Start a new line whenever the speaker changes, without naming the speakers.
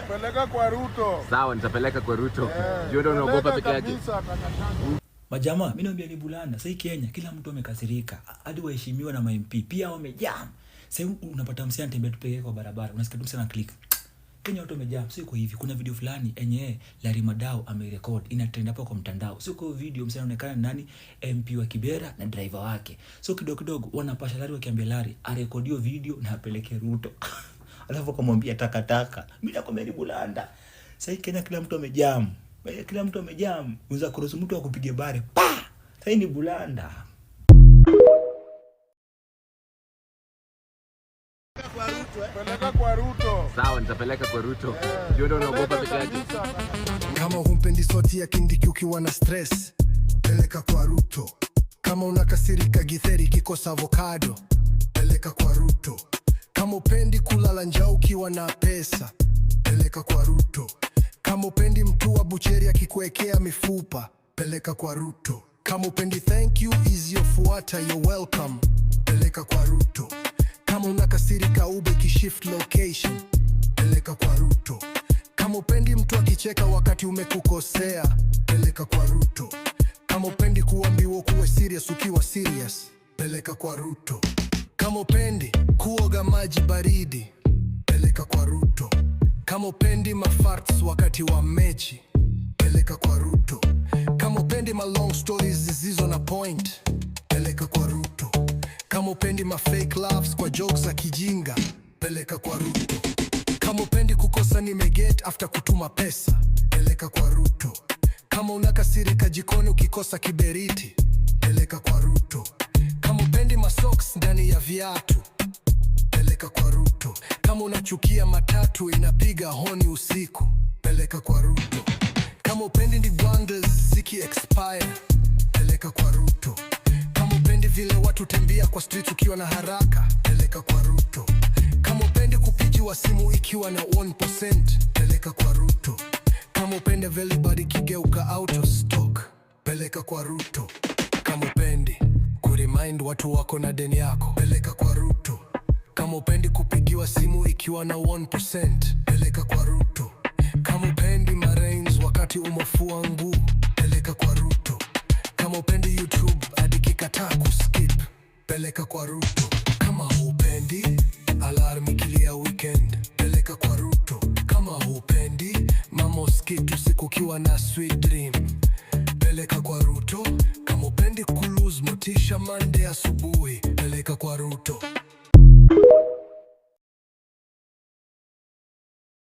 Peleka kwa Ruto.
Sawa, nitapeleka kwa Ruto. Juu eh. ndio unaogopa peke yake.
Majama, mimi naambia ni bulana. Sasa Kenya kila mtu amekasirika. Hadi waheshimiwa na ma-MP pia wamejam. Sasa unapata msia anatembea tupeke kwa barabara. Unasikia tu msanii click. Kenya watu wamejam. Sio kwa hivi. Kuna video fulani enye Larry Madao amerekodi ina trend hapo kwa mtandao. Sio kwa video msanii anaonekana nani MP wa Kibera na driver wake. So kidogo kidogo wanapasha Larry wakiambia Larry arekodi video na apeleke Ruto. alafu akamwambia takataka, mi nakwambia bulanda. sai Kenya kila mtu amejam, eh, kila mtu amejamu, unaweza kurusu mtu akupige bare pa, sai ni bulanda.
Kama humpendi soti ya Kindiki ukiwa na stress, peleka kwa Ruto. Kama unakasirika, githeri kikosa avocado, peleka kwa Ruto. Kama upendi kulala njaa ukiwa na pesa, peleka kwa Ruto. Kama upendi mtu wa bucheri akikuwekea mifupa, peleka kwa Ruto. Kama upendi thank you isiyofuata you're welcome, peleka kwa Ruto. Kama unakasirika ube ukishift location, peleka kwa Ruto. Kama upendi mtu akicheka wakati umekukosea, peleka kwa Ruto. Kama upendi kuambiwa kuwe serious ukiwa serious, peleka kwa Ruto. Kama upendi kuoga maji baridi, peleka kwa Ruto. Kama upendi mafarts wakati wa mechi, peleka kwa Ruto. Kama upendi ma long stories zisizo na point, peleka kwa Ruto. Kama upendi ma fake laughs kwa jokes za kijinga, peleka kwa Ruto. Kama upendi kukosa nimeget after kutuma pesa, peleka kwa Ruto. Kama unakasirika jikoni ukikosa kiberiti, peleka kwa Ruto. Hadi masocks ndani ya viatu, peleka kwa Ruto. Kama unachukia matatu inapiga honi usiku, peleka kwa Ruto. Kama upendi ndigwandes ziki expire, peleka kwa Ruto. Kama upendi vile watu tembia kwa street ukiwa na haraka, peleka kwa Ruto. Kama upendi kupigiwa simu ikiwa na 1%, peleka kwa Ruto. Kama upendi velibadi kigeuka out of stock, peleka kwa Ruto. Kama upendi mind watu wako na deni yako, peleka kwa Ruto. Kama upendi kupigiwa simu ikiwa na 1%, peleka kwa Ruto. Kama upendi marains wakati umefua nguo, peleka kwa Ruto. Kama upendi YouTube adikikataa kuskip, peleka kwa Ruto. Kama hupendi alarm ikilia weekend, peleka kwa Ruto. Kama hupendi mamoskitu usiku kiwa na sweet dream peleka kwa Ruto. Kama upendi kulose motisha, mande asubuhi peleka kwa Ruto.